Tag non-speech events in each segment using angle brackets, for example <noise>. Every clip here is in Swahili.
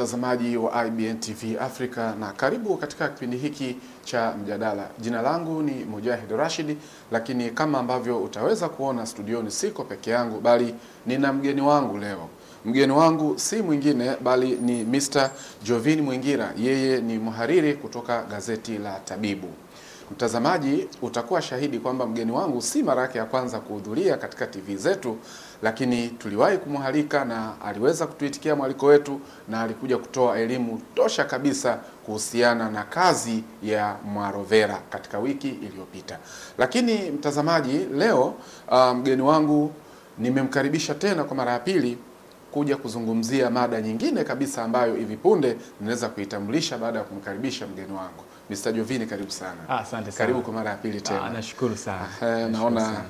mtazamaji wa IBN TV Africa na karibu katika kipindi hiki cha mjadala. Jina langu ni Mujahid Rashid, lakini kama ambavyo utaweza kuona studioni siko peke yangu, bali nina mgeni wangu leo. Mgeni wangu si mwingine bali ni Mr. Jovin Mwingira. Yeye ni mhariri kutoka gazeti la Tabibu. Mtazamaji, utakuwa shahidi kwamba mgeni wangu si mara yake ya kwanza kuhudhuria katika TV zetu lakini tuliwahi kumwalika na aliweza kutuitikia mwaliko wetu na alikuja kutoa elimu tosha kabisa kuhusiana na kazi ya Mwarovera katika wiki iliyopita. Lakini mtazamaji, leo uh, mgeni um, wangu nimemkaribisha tena kwa mara ya pili kuja kuzungumzia mada nyingine kabisa ambayo hivi punde ninaweza kuitambulisha baada ya kumkaribisha mgeni wangu Mr. Jovini, karibu sana. Ah, asante sana. Karibu kwa mara ya pili tena. Ah, nashukuru sana. Eh, naona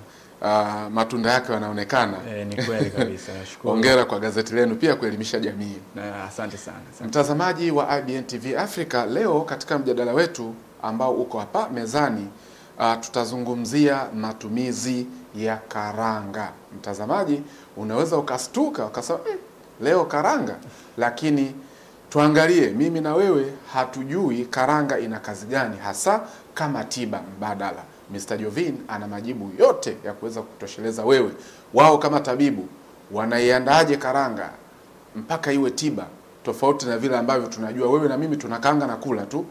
uh, matunda yake yanaonekana. E, ni kweli <laughs> kabisa. Nashukuru. Hongera kwa gazeti lenu pia kuelimisha jamii. Na asante sana. Asante. Mtazamaji wa IBN TV Africa, leo katika mjadala wetu ambao uko hapa mezani uh, tutazungumzia matumizi ya karanga. Mtazamaji, unaweza ukastuka ukasema mm, leo karanga, lakini tuangalie, mimi na wewe hatujui karanga ina kazi gani hasa kama tiba mbadala. Mr. Jovin ana majibu yote ya kuweza kutosheleza wewe, wao kama tabibu wanaiandaje karanga mpaka iwe tiba, tofauti na vile ambavyo tunajua wewe na mimi tunakanga na kula tu.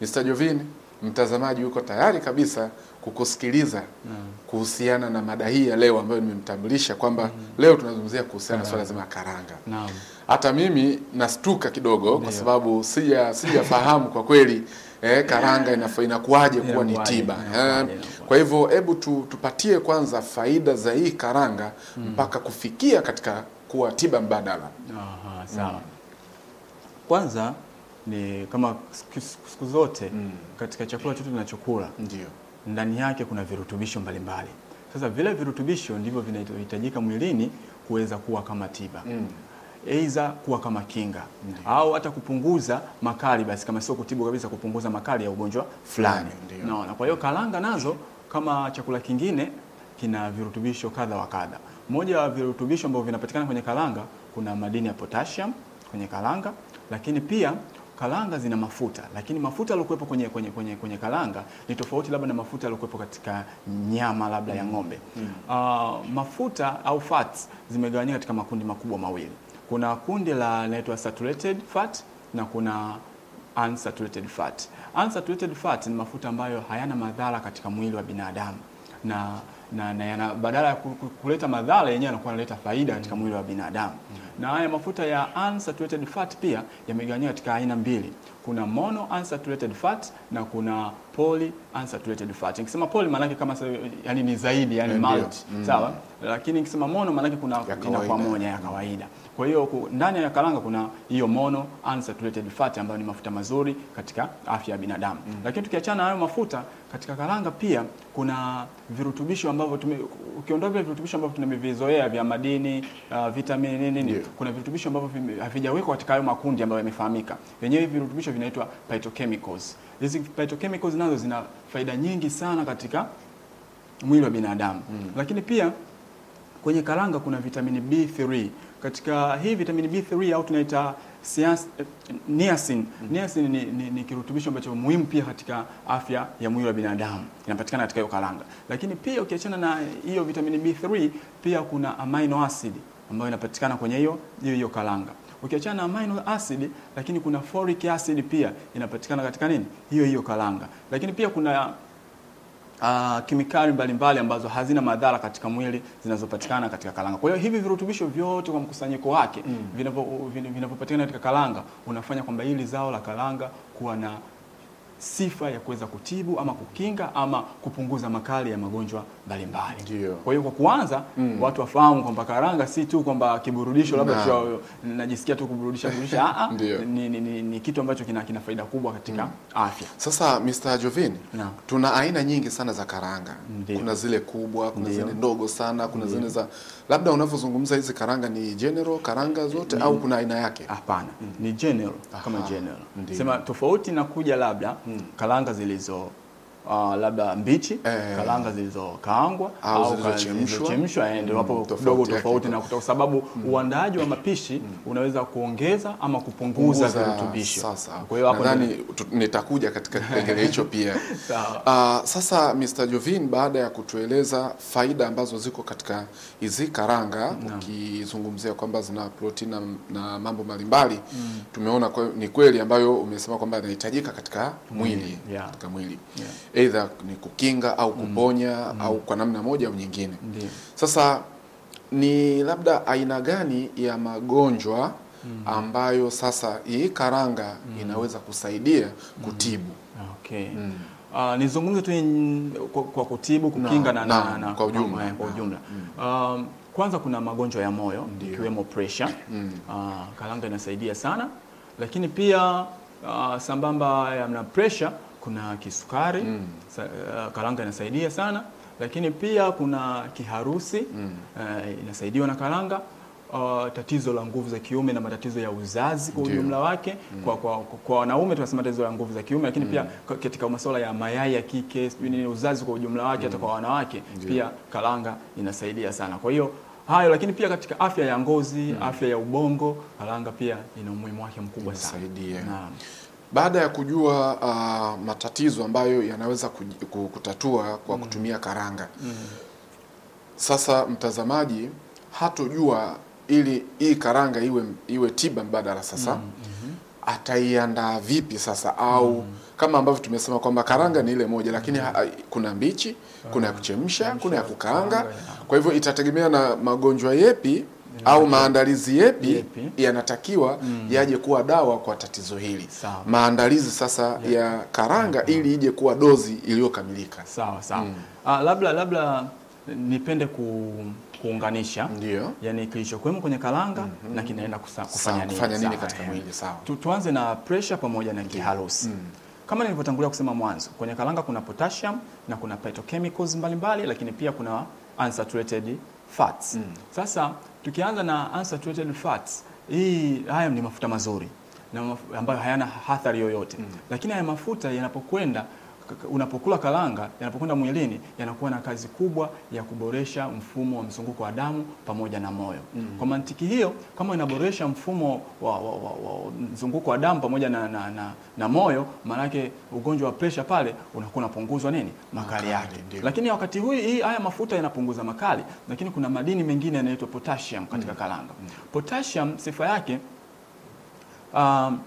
Mr. Jovin, mtazamaji yuko tayari kabisa kukusikiliza mm. kuhusiana na mada hii ya leo ambayo nimemtambulisha kwamba mm. leo tunazungumzia kuhusiana na swala zima karanga. Naam. Hata mimi nastuka kidogo kwa sababu sija sijafahamu kwa kweli eh, karanga inakuwaje kuwa ni tiba eh? Kwa hivyo hebu tu, tupatie kwanza faida za hii karanga hmm. mpaka mm. kufikia katika kuwa tiba mbadala. Aha, sawa mm. Kwanza ni kama siku zote mm. katika chakula chote tunachokula ndio ndani yake kuna virutubisho mbalimbali mbali. Sasa vile virutubisho ndivyo vinahitajika mwilini kuweza kuwa kama tiba mm aidha kuwa kama kinga Ndiyo. au hata kupunguza makali, basi kama sio kutibu kabisa, kupunguza makali ya ugonjwa fulani. Naona kwa hiyo karanga nazo kama chakula kingine kina virutubisho kadha wa kadha. Moja ya virutubisho ambavyo vinapatikana kwenye karanga, kuna madini ya potassium kwenye karanga, lakini pia karanga zina mafuta, lakini mafuta yaliokuwepo kwenye, kwenye, kwenye, kwenye karanga ni tofauti labda na mafuta yaliokuwepo katika nyama labda ya mm. ng'ombe. Mm. Uh, mafuta au fats zimegawanyika katika makundi makubwa mawili kuna kundi la inaitwa saturated fat na kuna unsaturated fat. Unsaturated fat ni mafuta ambayo hayana madhara katika mwili wa binadamu na na, na yana, badala ya kuleta madhara yenyewe yanakuwa yanaleta faida katika mwili wa binadamu. Mm. Na haya mafuta ya unsaturated fat pia yamegawanywa katika aina mbili kuna mono unsaturated fat na kuna poly unsaturated fat. Nikisema poly maana yake kama yani ni zaidi yani multi, mm. sawa? Lakini nikisema mono maana yake kuna kwa moja ya kawaida. Kwa hiyo ndani ya karanga kuna hiyo mono unsaturated fat ambayo ni mafuta mazuri katika afya ya binadamu. Mm. Lakini tukiachana hayo mafuta katika karanga pia kuna virutubisho ambavyo ukiondoa vile virutubisho ambavyo tumevizoea vya madini, uh, vitamini nini, yeah. Kuna virutubisho ambavyo havijawekwa katika hayo makundi ambayo yamefahamika. Yenyewe virutubisho vinaitwa phytochemicals. Hizi phytochemicals nazo zina faida nyingi sana katika mwili wa binadamu mm. Lakini pia kwenye karanga kuna vitamini B3. Katika hii vitamini B3 au tunaita sias, eh, niacin. Hmm. Niacin ni, ni, ni kirutubisho ambacho muhimu pia katika afya ya mwili wa binadamu, inapatikana katika hiyo karanga. Lakini pia ukiachana na hiyo vitamini B3, pia kuna amino acid ambayo inapatikana kwenye hiyo hiyo karanga. Ukiachana na amino acid, lakini kuna folic acid pia inapatikana katika nini hiyo hiyo karanga, lakini pia kuna Uh, kemikali mbalimbali ambazo hazina madhara katika mwili zinazopatikana katika karanga. Kwa hiyo hivi virutubisho vyote kwa mkusanyiko wake mm, vinavyopatikana katika karanga unafanya kwamba hili zao la karanga kuwa na sifa ya kuweza kutibu ama kukinga ama kupunguza makali ya magonjwa mbalimbali. Kwa hiyo kwa kuanza mm. watu wafahamu kwamba karanga si tu kwamba kiburudisho labda najisikia tu kuburudisha burudisha <laughs> a ni, ni, ni, ni kitu ambacho kina, kina faida kubwa katika mm. afya. Sasa Mr. Jovin, tuna aina nyingi sana za karanga. Ndiyo. Kuna zile kubwa, kuna Ndiyo. zile ndogo sana, kuna Ndiyo. zile za labda unavyozungumza hizi karanga ni general karanga zote ni, au kuna aina yake? Hapana, mm. ni general Aha, kama general. Sema tofauti na kuja labda mm. karanga zilizo uh, labda mbichi eh, kalanga zilizokaangwa au zilizochemshwa, eh, ndio hapo mm, kidogo tofauti na kwa sababu mm. uandaaji wa mapishi mm. unaweza kuongeza ama kupunguza virutubisho. Kwa hiyo hapo nadhani nitakuja katika <laughs> kipengele hicho pia. Uh, sasa Mr. Jovin, baada ya kutueleza faida ambazo ziko katika hizi karanga no. ukizungumzia kwamba zina protini na, na mambo mbalimbali mm. tumeona kwe, ni kweli ambayo umesema kwamba inahitajika katika mwili, mwili. Yeah. katika mwili yeah aidha ni kukinga au mm. kuponya mm. au kwa namna moja au nyingine. Ndiyo. Sasa ni labda aina gani ya magonjwa mm. ambayo sasa hii karanga mm. inaweza kusaidia mm. kutibu? Okay. Mm. Uh, nizungumze tu kwa, kwa kutibu kukinga na, na, na, na, kwa ujumla, na, kwa ujumla. Mm. Um, kwanza kuna magonjwa ya moyo ikiwemo pressure mm. uh, karanga inasaidia sana, lakini pia uh, sambamba na pressure kuna kisukari mm. Sa, uh, karanga inasaidia sana, lakini pia kuna kiharusi mm. uh, inasaidiwa na karanga uh, tatizo la nguvu za kiume na matatizo ya uzazi kwa ujumla wake mm. kwa, kwa, kwa wanaume tunasema tatizo la nguvu za kiume, lakini mm. pia katika masuala ya mayai ya kike, nini, uzazi kwa ujumla wake hata mm. kwa wanawake Ndiyo. pia karanga inasaidia sana, kwa hiyo hayo lakini pia katika afya ya ngozi mm. afya ya ubongo, karanga pia ina umuhimu wake mkubwa sana. Baada ya kujua uh, matatizo ambayo yanaweza kutatua kwa mm. kutumia karanga mm. Sasa mtazamaji hatojua ili hii karanga iwe, iwe tiba mbadala sasa mm. mm -hmm. ataiandaa vipi sasa au mm. kama ambavyo tumesema kwamba karanga ni ile moja lakini mm. ha, kuna mbichi, kuna ya kuchemsha, kuna ya kukaanga. Kwa hivyo itategemea na magonjwa yepi au maandalizi yepi, yepi yanatakiwa mm. yaje kuwa dawa kwa tatizo hili. Sawa. Maandalizi sasa yep. ya karanga yep. Mm-hmm. ili ije kuwa dozi iliyokamilika. Sawa sawa. Mm. Ah, labda labda nipende ku kuunganisha ndio, yani kilichokuwemo kwenye karanga mm -hmm. na kinaenda kufanya nini, kufanya nini katika mwili. Sawa, tuanze na pressure pamoja na kiharusi mm. Kama nilivyotangulia kusema mwanzo, kwenye karanga kuna potassium na kuna phytochemicals mbalimbali, lakini pia kuna unsaturated fats. Mm. Sasa tukianza na unsaturated fats, hii haya ni mafuta mazuri na ambayo hayana hathari yoyote mm. Lakini haya mafuta yanapokwenda unapokula karanga yanapokwenda mwilini yanakuwa na kazi kubwa ya kuboresha mfumo wa mzunguko wa damu pamoja na moyo. Mm -hmm. Kwa mantiki hiyo, kama inaboresha mfumo wa, wa, wa, wa mzunguko wa damu pamoja na, na, na, na moyo, maanake ugonjwa wa presha pale unakuwa unapunguzwa nini makali yake. Lakini wakati huu hii haya mafuta yanapunguza makali, lakini kuna madini mengine yanaitwa potassium katika mm -hmm. karanga. Mm -hmm. Potassium sifa yake um,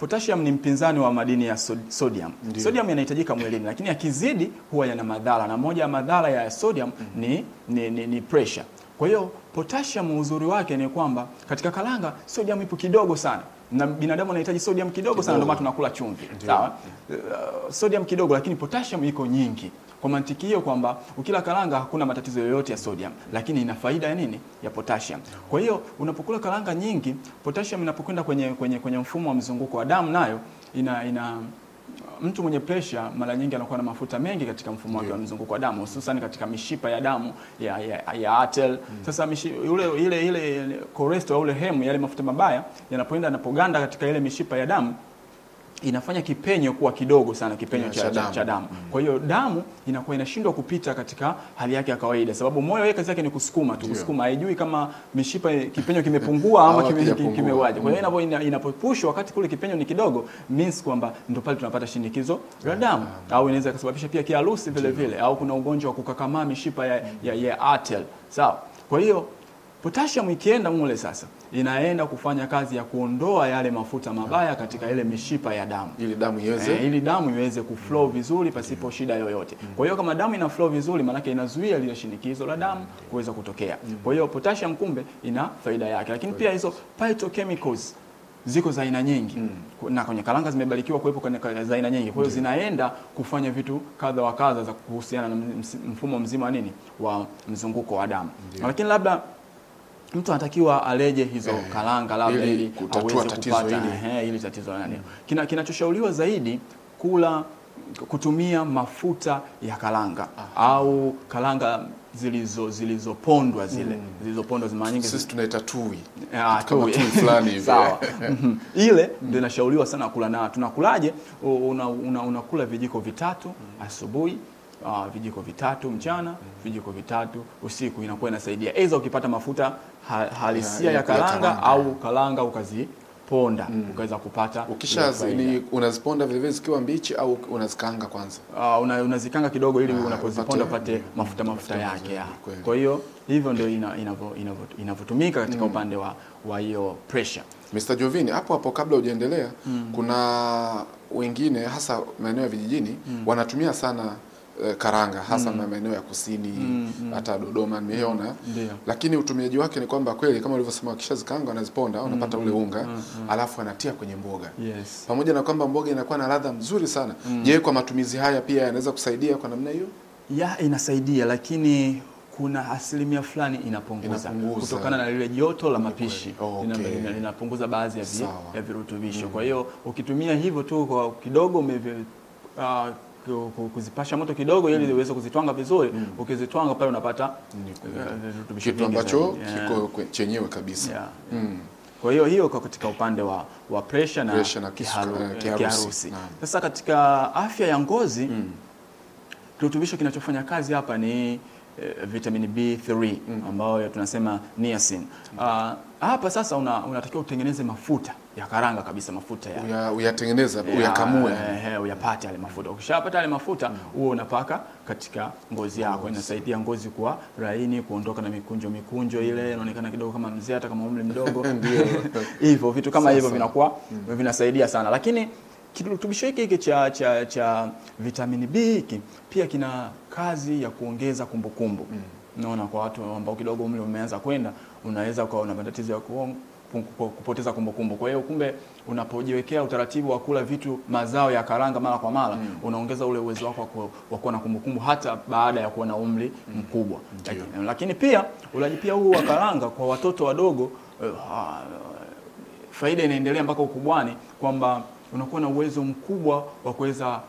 potassium ni mpinzani wa madini ya sodium. Ndiyo. Sodium yanahitajika mwilini lakini yakizidi huwa yana madhara, na moja ya madhara ya sodium mm -hmm. ni, ni, ni, ni pressure. Kwa hiyo potassium uzuri wake ni kwamba katika kalanga sodium ipo kidogo sana na binadamu anahitaji sodium kidogo, kidogo sana, ndio maana tunakula chumvi sawa. Uh, sodium kidogo, lakini potassium iko nyingi. Kwa mantiki hiyo kwamba ukila karanga hakuna matatizo yoyote ya sodium, lakini ina faida ya nini? Ya potassium. Kwa hiyo unapokula karanga nyingi, potassium inapokwenda kwenye, kwenye, kwenye mfumo wa mzunguko wa damu nayo ina, ina mtu mwenye pressure mara nyingi anakuwa na mafuta mengi katika mfumo wake wa mzunguko wa damu, hususan katika mishipa ya damu ya, ya, ya atel mm. Sasa mishi, ule, ile, ile cholesterol au ile hemu, yale mafuta mabaya yanapoenda yanapoganda katika ile mishipa ya damu inafanya kipenyo kuwa kidogo sana, kipenyo yeah, cha, cha, cha damu mm. Kwa hiyo damu inakuwa inashindwa kupita katika hali yake ya kawaida, sababu moyo wake kazi yake ni kusukuma tu, kusukuma. Haijui kama mishipa kipenyo kimepungua <laughs> ama kimewaje. Kwa hiyo mm. inapopushwa wakati kule kipenyo ni kidogo, means kwamba ndio pale tunapata shinikizo la damu yeah, au inaweza kusababisha pia kiharusi vile vile, au kuna ugonjwa wa kukakamaa mishipa ya, ya, ya atel sawa. Kwa hiyo potassium ikienda mule sasa inaenda kufanya kazi ya kuondoa yale mafuta mabaya katika ile mishipa ya damu ili damu iweze e, ili damu iweze kuflow vizuri pasipo mm. shida yoyote. Mm. Kwa hiyo kama damu ina flow vizuri, maanake inazuia lile shinikizo la damu kuweza kutokea. Mm. Kwa hiyo potassium, kumbe ina faida yake, lakini pia hizo phytochemicals ziko za aina nyingi mm. na kwenye karanga zimebarikiwa kuwepo kwenye za aina nyingi, kwa hiyo zinaenda kufanya vitu kadha wa kadha za kuhusiana na mfumo mzima wa nini wa mzunguko wa damu, lakini labda mtu anatakiwa aleje hizo eh, karanga labda ili aweze kupata ehe, ili eh, tatizo la nani. Kina kinachoshauriwa zaidi kula kutumia mafuta ya karanga Aha. au karanga zilizo zilizopondwa zile mm. zilizopondwa zima nyingi sisi tunaita tui ah tui fulani hivi sawa <laughs> mhm. ile ndio inashauriwa sana kula na tunakulaje unakula una, una vijiko vitatu mm. asubuhi Uh, vijiko vitatu mchana, mm. vijiko vitatu usiku, inakuwa inasaidia. Aidha ukipata mafuta halisia ya karanga au karanga ukaziponda mm. ukaweza kupata. Ukisha zili, unaziponda vilevile zikiwa mbichi au unazikanga kwanza? Uh, una, unazikanga kidogo ili ah, unapoziponda upate mafuta mafuta yake ya. Kwa hiyo hivyo ndio inavyotumika katika mm. upande wa wa hiyo pressure. Mr. Jovini, hapo hapo kabla hujaendelea mm. kuna wengine hasa maeneo ya vijijini mm. wanatumia sana Eh, karanga hasa mm. maeneo ya kusini mm, mm. hata mm, Dodoma nimeona mm. Lakini utumiaji wake ni kwamba kweli kama ulivyosema, wakishazikaanga wanaziponda wanapata mm. ule mm, unga mm. alafu anatia kwenye mboga yes. Pamoja na kwamba mboga inakuwa na ladha nzuri sana mm. Je, kwa matumizi haya pia yanaweza kusaidia kwa namna hiyo? Ya, inasaidia lakini kuna asilimia fulani inapunguza, inapunguza kutokana na lile joto la mapishi okay. Linapunguza baadhi ya, ya virutubisho mm. Kwa hiyo ukitumia hivyo tu kwa kidogo umevyo uh, kuzipasha moto kidogo ili mm. ziweze kuzitwanga vizuri. Mm. Ukizitwanga pale unapata eh, eh, kitu ambacho kiko chenyewe kabisa. Mm. Kwa hiyo hiyo kwa katika upande wa, wa pressure na, pressure na kiharu, eh, kiharusi. Sasa katika afya ya ngozi mm. kirutubisho kinachofanya kazi hapa ni eh, vitamin B3 mm. ambayo tunasema niacin. Mm. Uh, hapa sasa unatakiwa una utengeneze mafuta ya kabisa mafuta ya uyatengeneza uyakamue uyapate yale mafuta. Ukishapata yale mafuta huo mm. unapaka katika ngozi yako mm. inasaidia ngozi kuwa laini, kuondoka na mikunjo mikunjo ile mm. inaonekana kidogo kama mzee, hata kama umri mdogo <laughs> <laughs> hivyo vitu kama hivyo vinakuwa mm. vinasaidia sana, lakini kirutubisho hiki hiki cha, cha, cha vitamini B hiki pia kina kazi ya kuongeza kumbukumbu mm. naona kwa watu ambao kidogo umri umeanza kwenda unaweza ukawa una matatizo ya kuongo kupoteza kumbukumbu. Kwa hiyo kumbe, unapojiwekea utaratibu wa kula vitu mazao ya karanga mara kwa mara mm. unaongeza ule uwezo wako wa kuwa na kumbukumbu hata baada ya kuwa na umri mm. mkubwa mm. Lakini, pia ulaji pia huu wa karanga kwa watoto wadogo uh, faida inaendelea mpaka ukubwani kwamba unakuwa na uwezo mkubwa wa kuweza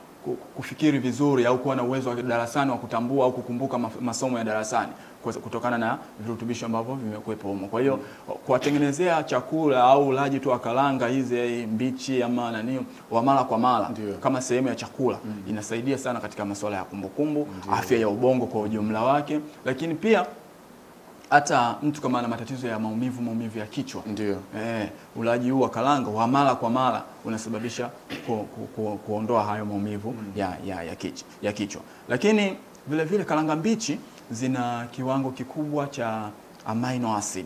kufikiri vizuri au kuwa na uwezo wa darasani wa kutambua au kukumbuka masomo ya darasani kutokana na virutubisho ambavyo vimekuwepo humo. Kwa hiyo kuwatengenezea chakula au ulaji tu wa karanga hizi eh, mbichi ama nani wa mara kwa mara kama sehemu ya chakula mm. inasaidia sana katika masuala ya kumbukumbu, afya ya ubongo kwa ujumla wake, lakini pia hata mtu kama ana matatizo ya maumivu maumivu ya kichwa ndio, eh, ulaji huu wa karanga wa mara kwa mara unasababisha ku, ku, ku, kuondoa hayo maumivu mm. ya, ya, ya, kichwa, ya kichwa. Lakini vile vile karanga mbichi zina kiwango kikubwa cha amino acid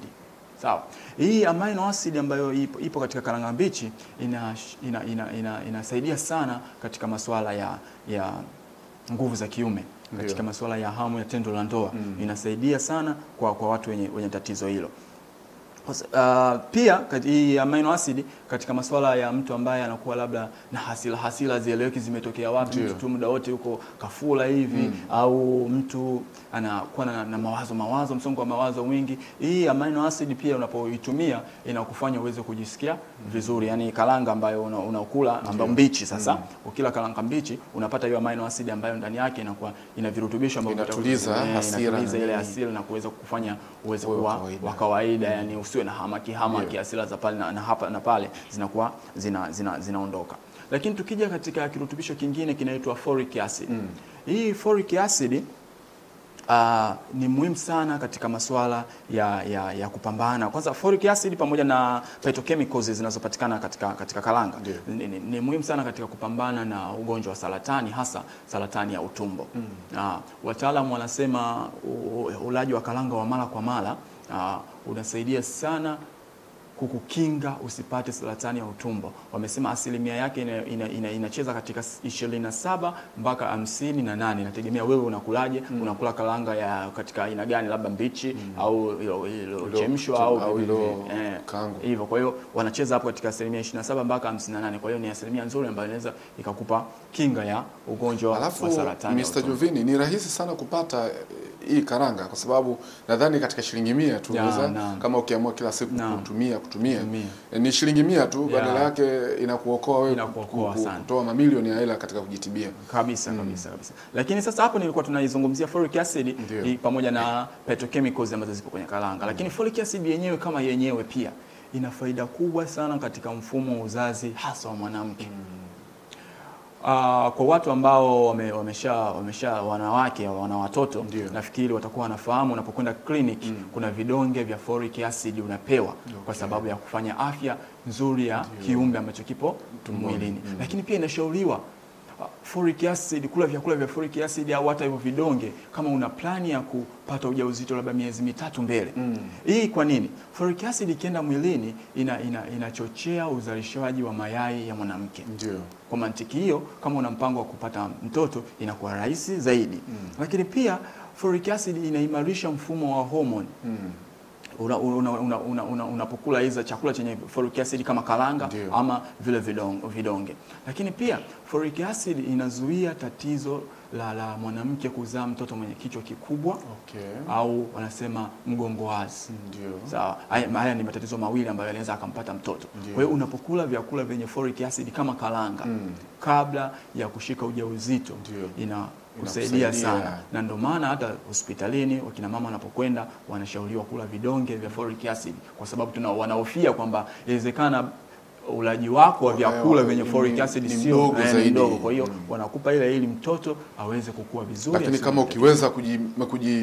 sawa. Hii amino acid ambayo ipo, ipo katika karanga mbichi inasaidia ina, ina, ina, ina sana katika masuala ya, ya nguvu za kiume katika masuala ya hamu ya tendo la ndoa mm. inasaidia sana kwa, kwa watu wenye, wenye tatizo hilo. Uh, pia hii amino acid katika masuala ya mtu ambaye anakuwa labda na hasila hasila zieleweki zimetokea wapi, mtu tu muda wote yuko kafula hivi mm. au mtu anakuwa na, na mawazo mawazo msongo wa mawazo mwingi. Hii amino acid pia unapoitumia inakufanya uweze kujisikia hmm. vizuri, yani kalanga ambayo unakula una ambayo mbichi sasa mm. ukila kalanga mbichi unapata hiyo amino acid ambayo ndani yake inakuwa ina virutubisho ambavyo vinatuliza eh, hasira ile hasira na kuweza kufanya uweze kuwa wa kawaida, mm. yani usiwe na hamaki hamaki hasira yeah. za pale na, na hapa na pale zinakuwa zinaondoka zina, zina lakini tukija katika kirutubisho kingine kinaitwa folic acid mm. Hii folic acid Uh, ni muhimu sana katika masuala ya, ya, ya kupambana kwanza folic acid pamoja na phytochemicals zinazopatikana katika, katika kalanga yeah. Ni, ni, ni muhimu sana katika kupambana na ugonjwa wa saratani hasa saratani ya utumbo mm. Uh, wataalamu wanasema ulaji wa kalanga wa mara kwa mara uh, unasaidia sana kukukinga usipate saratani ya utumbo. Wamesema asilimia yake inacheza ina, ina, ina katika 27 mpaka 58, inategemea wewe unakulaje, mm. unakula karanga ya katika aina gani, labda mbichi mm. au chemshwa au eh, hivyo. Kwa hiyo wanacheza hapo katika asilimia 27 mpaka 58. Kwa hiyo ni asilimia nzuri ambayo inaweza ikakupa kinga ya ugonjwa wa saratani. Mr. Jovini, ni rahisi sana kupata eh, hii karanga, kwa sababu nadhani katika shilingi mia tu unaweza nah. kama ukiamua kila siku nah. kutumia kutumia e, ni shilingi mia tu yeah. badala yake inakuokoa wewe kutoa mamilioni ya hela katika kujitibia kabisa mm. kabisa kabisa. Lakini sasa hapo nilikuwa tunaizungumzia folic acid pamoja na petrochemicals ambazo zipo kwenye karanga, lakini mm. folic acid yenyewe kama yenyewe pia ina faida kubwa sana katika mfumo wa uzazi hasa wa mwanamke mm. Uh, kwa watu ambao wame, wamesha, wamesha wanawake wana watoto Nafikiri watakuwa wanafahamu unapokwenda clinic mm. Kuna vidonge vya folic acid unapewa okay. Kwa sababu ya kufanya afya nzuri ya kiumbe ambacho kipo mwilini mm. Lakini pia inashauriwa ah, folic acid kula vyakula vya folic acid au hata hivyo vidonge kama una plani ya kupata ujauzito labda miezi mitatu mbele mm. Hii kwa nini? Folic acid ikienda mwilini inachochea ina, ina uzalishaji wa mayai ya mwanamke ndio kwa mantiki hiyo, kama una mpango wa kupata mtoto inakuwa rahisi zaidi mm. Lakini pia folic acid inaimarisha mfumo wa homoni mm. Unapokula una, una, una, una hizo chakula chenye folic acid kama karanga ama vile vidonge, vidonge. Lakini pia folic acid inazuia tatizo la, la mwanamke kuzaa mtoto mwenye kichwa kikubwa okay. au wanasema mgongo wazi. Sawa, haya ni matatizo mawili ambayo anaweza akampata mtoto. Kwa hiyo unapokula vyakula vyenye folic acid kama karanga mm. kabla ya kushika ujauzito ina kusaidia sana na ndio maana hata hospitalini wakina mama wanapokwenda wanashauriwa kula vidonge vya folic acid, kwa sababu tuna wanahofia kwamba inawezekana ulaji wako wa vyakula vyenye folic acid sio ndogo, Kwa hiyo wanakupa ile ili mtoto aweze kukua vizuri, lakini kama ukiweza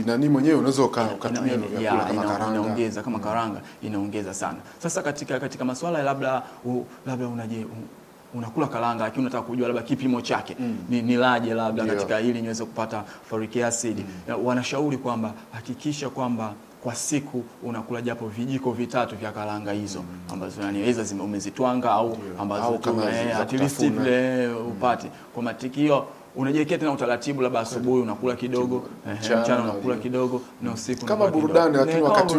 nani mwenyewe unaweza ukatumia ile vyakula kama karanga, inaongeza kama mm. karanga, inaongeza sana. Sasa katika katika masuala labda labda unaje unakula karanga lakini unataka kujua labda kipimo chake mm. ni nilaje labda katika ili niweze kupata folic acid mm. wanashauri kwamba hakikisha kwamba kwa siku unakula japo vijiko vitatu vya karanga hizo mm. ambazo yani aidha umezitwanga au ambazo kama eh, at least ile mm. upate kwa matikio unajiwekea tena utaratibu, labda asubuhi unakula kidogo, mchana unakula kidogo na usiku kama burudani, lakini eh, wakati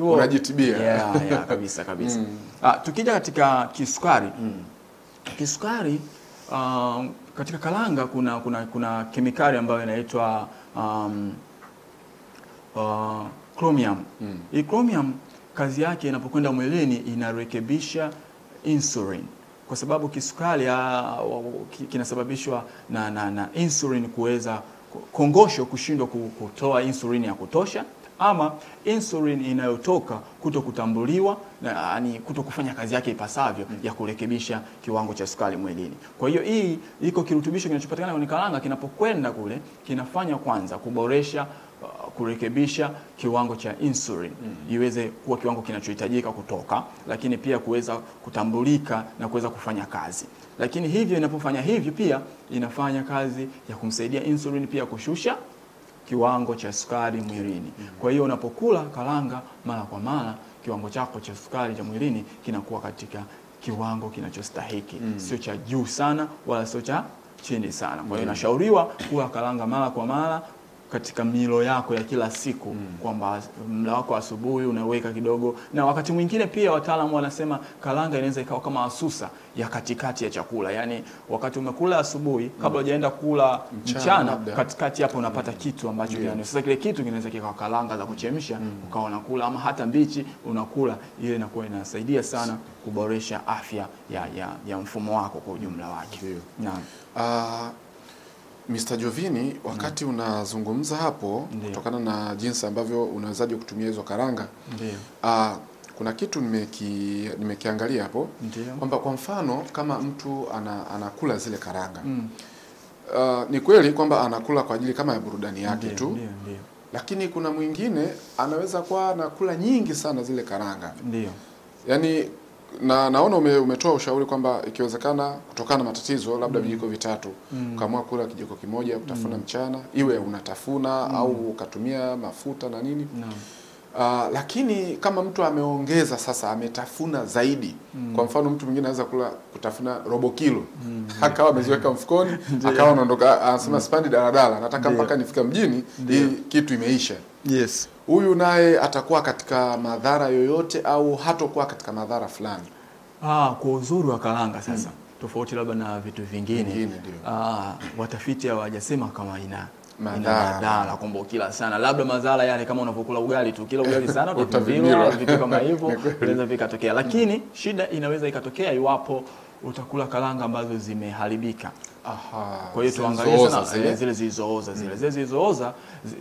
wewe unajitibia. Yeah, yeah, kabisa kabisa. Mm. Ah, tukija katika kisukari mm. Kisukari uh, katika karanga kuna kuna kuna kemikali ambayo inaitwa um, uh, chromium. Mm. Hii chromium kazi yake inapokwenda mwilini inarekebisha insulin kwa sababu kisukari ah, kinasababishwa na, na, na insulin kuweza kongosho kushindwa kutoa insulin ya kutosha ama insulin inayotoka kuto kutambuliwa yani ah, kuto kufanya kazi yake ipasavyo mm. ya kurekebisha kiwango cha sukari mwilini. Kwa hiyo hii iko kirutubisho kinachopatikana kwenye karanga, kinapokwenda kule kinafanya kwanza kuboresha kurekebisha kiwango cha insulin mm -hmm. iweze kuwa kiwango kinachohitajika kutoka, lakini pia kuweza kutambulika na kuweza kufanya kazi. Lakini hivyo inapofanya hivyo, pia inafanya kazi ya kumsaidia insulin pia kushusha kiwango cha sukari mwilini. mm -hmm. Kwa hiyo unapokula karanga mara kwa mara, kiwango chako cha sukari cha mwilini kinakuwa katika kiwango kinachostahiki, mm -hmm. sio cha juu sana wala sio cha chini sana. Kwa hiyo mm inashauriwa kula karanga mara kwa mara katika milo yako ya kila siku mm. kwamba mla wako asubuhi unaweka kidogo, na wakati mwingine pia wataalamu wanasema karanga inaweza ikawa kama asusa ya katikati ya chakula, yaani wakati umekula asubuhi hmm. kabla mm. kula mchana, mchana katikati hapo unapata mm. kitu ambacho yeah. yani, sasa kile kitu kinaweza kikawa karanga za kuchemsha mm. ukawa unakula, ama hata mbichi unakula, ile inakuwa inasaidia sana kuboresha afya ya, ya, ya mfumo wako kwa ujumla wake. Naam. Ah, Mr. Jovini, wakati hmm. unazungumza hapo kutokana na jinsi ambavyo unawezaje kutumia hizo karanga A, ah, kuna kitu nimeki, nimekiangalia hapo kwamba kwa mfano kama mtu ana, anakula zile karanga hmm. uh, ni kweli kwamba anakula kwa ajili kama ya burudani yake tu ndiyo, ndiyo. Lakini kuna mwingine anaweza kuwa anakula nyingi sana zile karanga ndiyo. Yaani na naona ume, umetoa ushauri kwamba ikiwezekana kutokana na matatizo labda mm. vijiko vitatu mm. ukaamua kula kijiko kimoja kutafuna mm. mchana iwe unatafuna mm. au ukatumia mafuta na nini no. Uh, ah, lakini kama mtu ameongeza sasa, ametafuna zaidi mm. kwa mfano mtu mwingine anaweza kula kutafuna robo kilo mm. <laughs> akawa ameziweka mfukoni <laughs> akawa anaondoka, anasema mm. sipandi daladala, nataka mpaka nifika mjini hii kitu imeisha. Yes huyu naye atakuwa katika madhara yoyote au hatokuwa katika madhara fulani? Ah, kwa uzuri wa karanga sasa mm. Tofauti labda na vitu vingine, ah, watafiti hawajasema kama ina madhara kwamba ukila sana labda madhara yale kama unavyokula ugali tu, kila ugali sana <laughs> utavivirwa vitu kama hivyo <laughs> vinaweza vikatokea, lakini hmm. shida inaweza ikatokea iwapo utakula karanga ambazo zimeharibika. Kwa hiyo tuangalie sana eh? zile zilizooza, zile zile mm. zilizooza,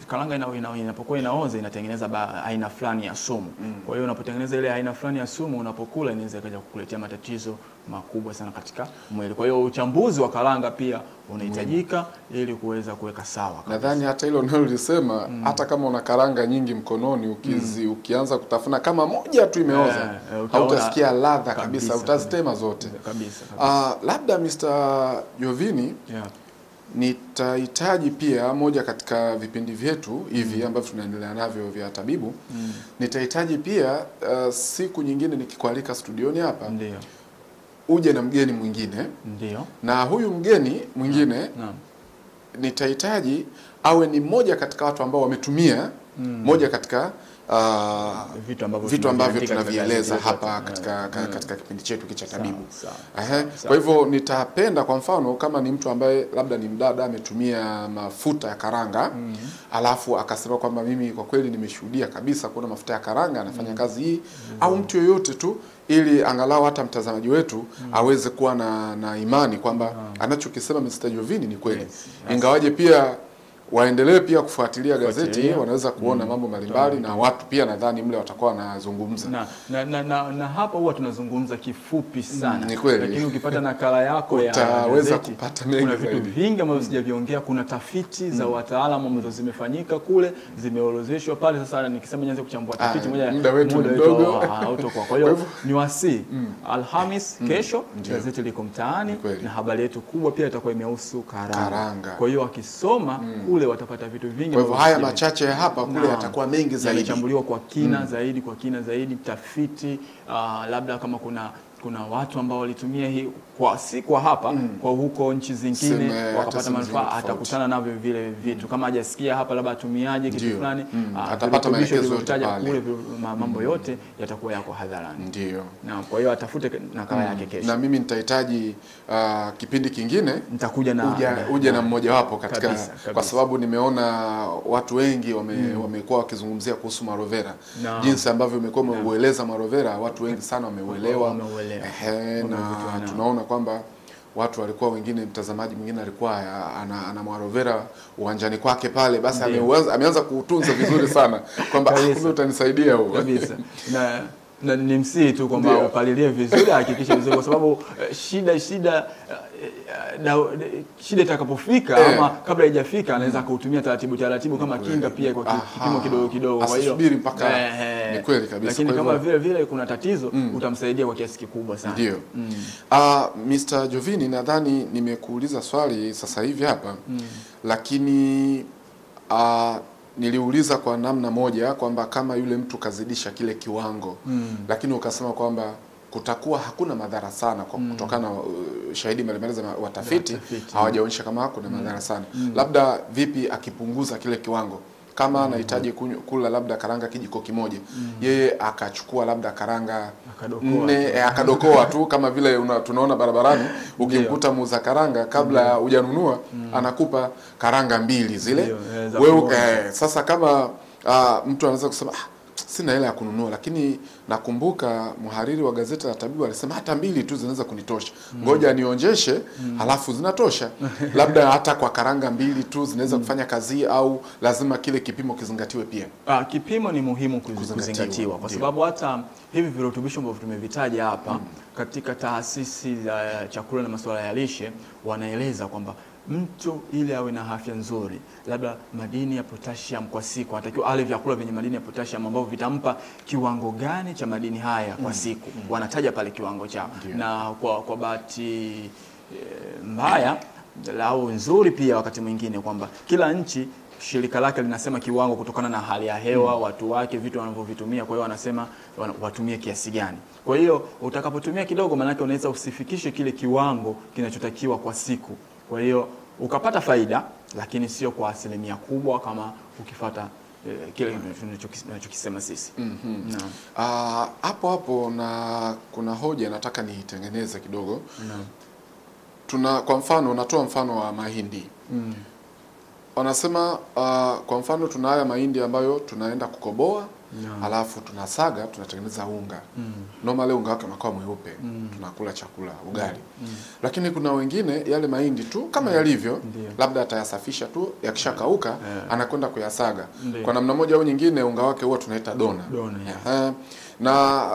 karanga inapokuwa inaoza inatengeneza aina fulani ya sumu. Mm. Kwa hiyo unapotengeneza ile aina fulani ya sumu, unapokula inaweza kaja kukuletea matatizo makubwa sana katika mwili. Kwa hiyo uchambuzi wa karanga pia unahitajika ili kuweza kuweka sawa. Nadhani hata hilo unalolisema mm. hata kama una karanga nyingi mkononi ukizi, mm. ukianza kutafuna kama moja tu imeoza yeah, eh, hautasikia ladha kabisa, kabisa utazitema zote kabisa, kabisa. Uh, labda Mr. Jovini yeah. Nitahitaji pia moja katika vipindi vyetu hivi mm. ambavyo tunaendelea navyo vya tabibu mm. nitahitaji pia uh, siku nyingine nikikualika studioni hapa ndio uje na mgeni mwingine. Ndio. Na huyu mgeni mwingine naam, nitahitaji awe ni mmoja katika watu ambao wametumia mm, moja katika Uh, vitu ambavyo, vitu ambavyo tunavieleza hapa katika, katika, mm. mm. katika kipindi chetu cha tabibu. Kwa hivyo nitapenda kwa mfano kama ni mtu ambaye labda ni mdada ametumia mafuta ya karanga mm alafu akasema kwamba mimi kwa kweli nimeshuhudia kabisa kuna mafuta ya karanga anafanya mm kazi hii mm au mtu yoyote tu ili angalau hata mtazamaji wetu mm. aweze kuwa na, na imani kwamba mm. anachokisema Mr. Jovini ni kweli yes. Yes. ingawaje pia waendelee pia kufuatilia gazeti, wanaweza kuona mm, mambo mbalimbali na watu pia nadhani mle watakuwa wanazungumza na, na, na, na, na hapa huwa tunazungumza kifupi mm, sana mm, lakini ukipata nakala yako utaweza ya kupata mengi. Kuna vitu vingi ambavyo mm. sijaviongea, kuna tafiti mm, za wataalamu ambazo zimefanyika kule, zimeorozeshwa pale. Sasa nikisema nianze kuchambua ah, tafiti moja, muda wetu mdogo hautakuwa. Kwa hiyo ni wasi mm. Alhamis kesho gazeti liko mtaani na habari yetu kubwa pia itakuwa imehusu karanga, kwa hiyo akisoma kule kule watapata vitu vingi. Kwa hivyo haya machache hapa kule yatakuwa mengi zaidi, yamechambuliwa kwa kina mm. zaidi kwa kina zaidi, tafiti uh, ah, labda kama kuna kuna watu ambao walitumia hii kwa si kwa hapa mm. kwa huko nchi zingine wakapata manufaa, atakutana navyo vile vitu mm. kama hajasikia hapa, labda atumiaje kitu fulani mm. Ah, atapata maelekezo yote kule, mm. mambo yote yatakuwa yako hadharani, ndio na kwa hiyo atafute nakala mm. yake kesho, na mimi nitahitaji uh, kipindi kingine nitakuja na uje na, na, na mmojawapo katika kabisa, kabisa. kwa sababu nimeona watu wengi wame, mm. wamekuwa wakizungumzia kuhusu Marovera jinsi ambavyo umekuwa umeueleza Marovera, watu wengi sana wameuelewa wameelewa ehe, na tunaona kwamba watu walikuwa wengine, mtazamaji mwingine alikuwa ana, ana mwarovera uwanjani kwake pale, basi ameanza kuutunza vizuri sana kwamba ah, utanisaidia huo kabisa <laughs> na na nimsihi tu kwamba upalilie vizuri, hakikisha vizuri, kwa sababu eh, shida shida Eh, na eh, shida itakapofika eh, ama kabla haijafika anaweza kutumia taratibu taratibu kama kinga pia kwa kipimo kidogo kidogo. Kwa hiyo asubiri mpaka eh, ni kweli kabisa. Lakini kama vile vile kuna tatizo mm, utamsaidia kwa kiasi kikubwa sana. Ndio. Mm. Uh, ah, Mr. Jovini nadhani nimekuuliza swali sasa hivi hapa mm, lakini uh, niliuliza kwa namna moja kwamba kama yule mtu kazidisha kile kiwango mm, lakini ukasema kwamba kutakuwa hakuna madhara sana kwa mm. kutokana mm. Uh, shahidi mbalimbali za watafiti mm. hawajaonyesha kama kuna mm. madhara sana mm. Labda vipi akipunguza kile kiwango kama mm. anahitaji mm -hmm. kula labda karanga kijiko kimoja mm -hmm. yeye akachukua labda karanga nne eh, akadokoa tu kama vile una, tunaona barabarani ukimkuta muuza karanga kabla mm -hmm. hujanunua mm -hmm. anakupa karanga mbili zile eh, wewe. Eh, sasa kama uh, mtu anaweza kusema ah, sina hela ya kununua, lakini nakumbuka mhariri wa gazeti la Tabibu alisema hata mbili tu zinaweza kunitosha, mm. ngoja mm. nionjeshe mm. halafu zinatosha <laughs> labda hata kwa karanga mbili tu zinaweza mm. kufanya kazi, au lazima kile kipimo kizingatiwe pia? Ah, kipimo ni muhimu kuzingatiwa, kuzingatiwa kwa sababu hata hivi virutubisho ambavyo tumevitaja hapa mm. katika taasisi za chakula na masuala ya lishe wanaeleza kwamba mtu ili awe na afya nzuri, labda madini ya potassium kwa siku, anatakiwa ale vyakula vyenye madini ya potassium ambavyo vitampa kiwango gani cha madini haya kwa mm. siku mm. Mm. wanataja pale kiwango chao yeah. na kwa, kwa bahati eh, mbaya lau nzuri pia wakati mwingine kwamba kila nchi shirika lake linasema kiwango kutokana na hali ya hewa mm. watu wake, vitu wanavyovitumia. Kwa hiyo wanasema watumie kiasi gani. Kwa hiyo utakapotumia kidogo, maanake unaweza usifikishe kile kiwango kinachotakiwa kwa siku. Kwa hiyo ukapata faida, lakini sio kwa asilimia kubwa kama ukifata eh, kile tunachokisema sisi mm -hmm. hapo hapo na kuna hoja nataka niitengeneze kidogo na. Tuna, kwa mfano unatoa mfano wa mahindi mm. Wanasema uh, kwa mfano tuna haya mahindi ambayo tunaenda kukoboa yeah. Alafu tunasaga tunatengeneza unga mm. Normally unga wake unakuwa mweupe mm. Tunakula chakula ugali mm. Mm. Lakini kuna wengine yale mahindi tu kama mm. yalivyo Ndiyo. Labda atayasafisha tu yakishakauka yeah. Anakwenda kuyasaga Ndiyo. Kwa namna moja au nyingine unga wake huwa tunaita dona, dona yeah. Yeah. Na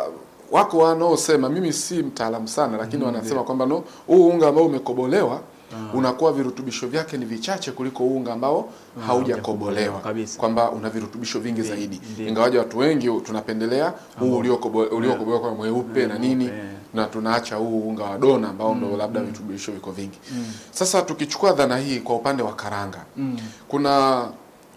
wako wanaosema, mimi si mtaalamu sana lakini mm. wanasema kwamba no, huu unga ambao umekobolewa ah, unakuwa virutubisho vyake ni vichache kuliko unga ambao ah, haujakobolewa kwamba una virutubisho vingi ndi, zaidi, ingawaja watu wengi tunapendelea huu uliokobolewa kwa mweupe na mm, nini na tunaacha huu unga wa dona ambao mm, ndo labda mm. virutubisho viko vingi mm. Sasa tukichukua dhana hii kwa upande wa karanga mm, kuna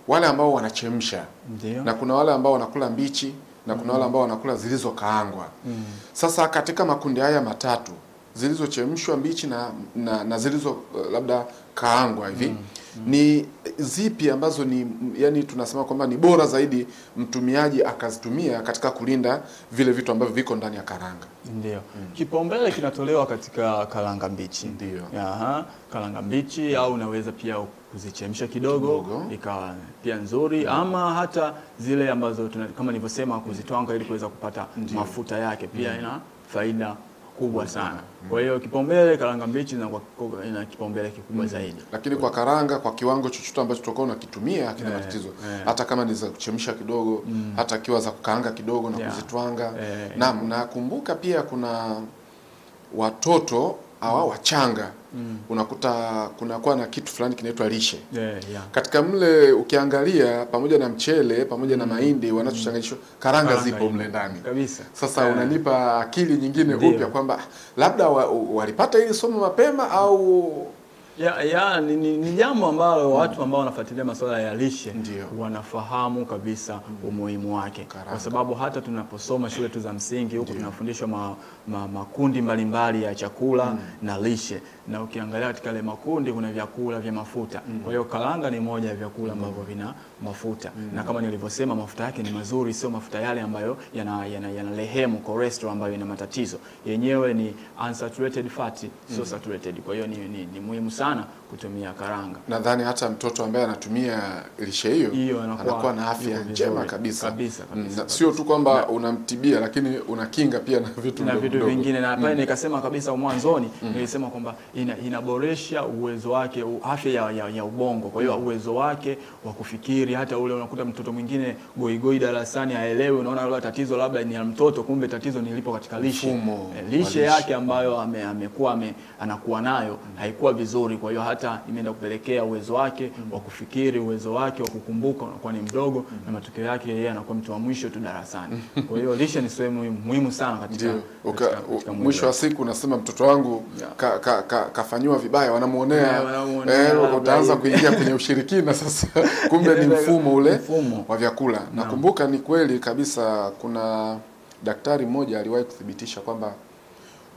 wale ambao wanachemsha Ndiyo. na kuna wale ambao wanakula mbichi na kuna mm, wale ambao wanakula zilizokaangwa mm. Sasa katika makundi haya matatu zilizochemshwa mbichi na, na, na zilizo eh, labda kaangwa hivi mm. Mm. Ni zipi ambazo ni yani, tunasema kwamba ni bora zaidi mtumiaji akazitumia katika kulinda vile vitu ambavyo viko ndani ya karanga? Ndio. Mm. Kipaumbele kinatolewa katika karanga mbichi. Ndio. Aha, karanga mbichi mm. au unaweza pia kuzichemsha kidogo ikawa pia nzuri yeah. Mm. Ama hata zile ambazo tuna, kama nilivyosema kuzitwanga ili kuweza kupata Ndiyo. mafuta yake pia mm. ina faida kubwa sana mm. Kwa hiyo kipaumbele karanga mbichi ina kipaumbele kikubwa mm. zaidi. Lakini kwa karanga kwa kiwango chochote ambacho tutakuwa nakitumia hakina yeah, matatizo yeah. Hata kama ni za kuchemsha kidogo mm. hata kiwa za kukaanga kidogo na yeah. kuzitwanga yeah, yeah. Naam, nakumbuka pia kuna watoto awa wachanga mm. unakuta kunakuwa na kitu fulani kinaitwa lishe yeah, yeah. Katika mle ukiangalia pamoja na mchele pamoja mm. na mahindi wanachochanganyishwa mm. karanga, karanga zipo mle ndani kabisa. Sasa yeah. unanipa akili nyingine upya kwamba labda walipata wa hili somo mapema au ya, ya, ni, ni jambo ambalo mm. watu ambao wanafuatilia masuala ya lishe Ndiyo. wanafahamu kabisa mm. umuhimu wake, kwa sababu hata tunaposoma shule tu za msingi huku tunafundishwa ma, ma, makundi mbalimbali mbali ya chakula mm. na lishe, na ukiangalia katika ile makundi kuna vyakula vya mafuta mm. kwa hiyo karanga ni moja ya vyakula ambavyo mm. vina mafuta mm. na kama nilivyosema, mafuta yake ni mazuri, sio mafuta yale ambayo yana, yana, yana lehemu cholesterol ambayo ina matatizo. Yenyewe ni unsaturated fat, sio mm-hmm. saturated. Kwa hiyo ni, ni, ni muhimu sana kutumia karanga. Nadhani hata mtoto ambaye anatumia lishe hiyo anakuwa na afya njema kabisa, kabisa, mm, kabisa. Sio tu kwamba unamtibia lakini unakinga pia na vitu na vitu vingine na pale mm. nikasema kabisa mwanzoni mm. nilisema kwamba ina, inaboresha uwezo wake afya ya, ya, ya ubongo, kwa hiyo mm. uwezo wake wa kufikiri usafiri hata ule, unakuta mtoto mwingine goigoi darasani aelewe, unaona labda tatizo labda ni ya mtoto, kumbe tatizo nilipo katika lishe e, lishe yake ambayo amekuwa ame, anakuwa nayo mm. haikuwa vizuri, kwa hiyo hata imeenda kupelekea uwezo wake mm. wa kufikiri, uwezo wake wa kukumbuka unakuwa ni mdogo mm. na matokeo yake yeye anakuwa mtu wa mwisho tu darasani. Mm. Kwa hiyo lishe ni sehemu muhimu sana katika, katika, katika mwisho wa siku unasema mtoto wangu yeah. ka, ka, ka, kafanyiwa vibaya, wanamuonea yeah, wanamuonea, eh, utaanza kuingia kwenye ushirikina sasa <laughs> kumbe ni yaani mfumo ule mfumo wa vyakula. Nakumbuka ni kweli kabisa, kuna daktari mmoja aliwahi kuthibitisha kwamba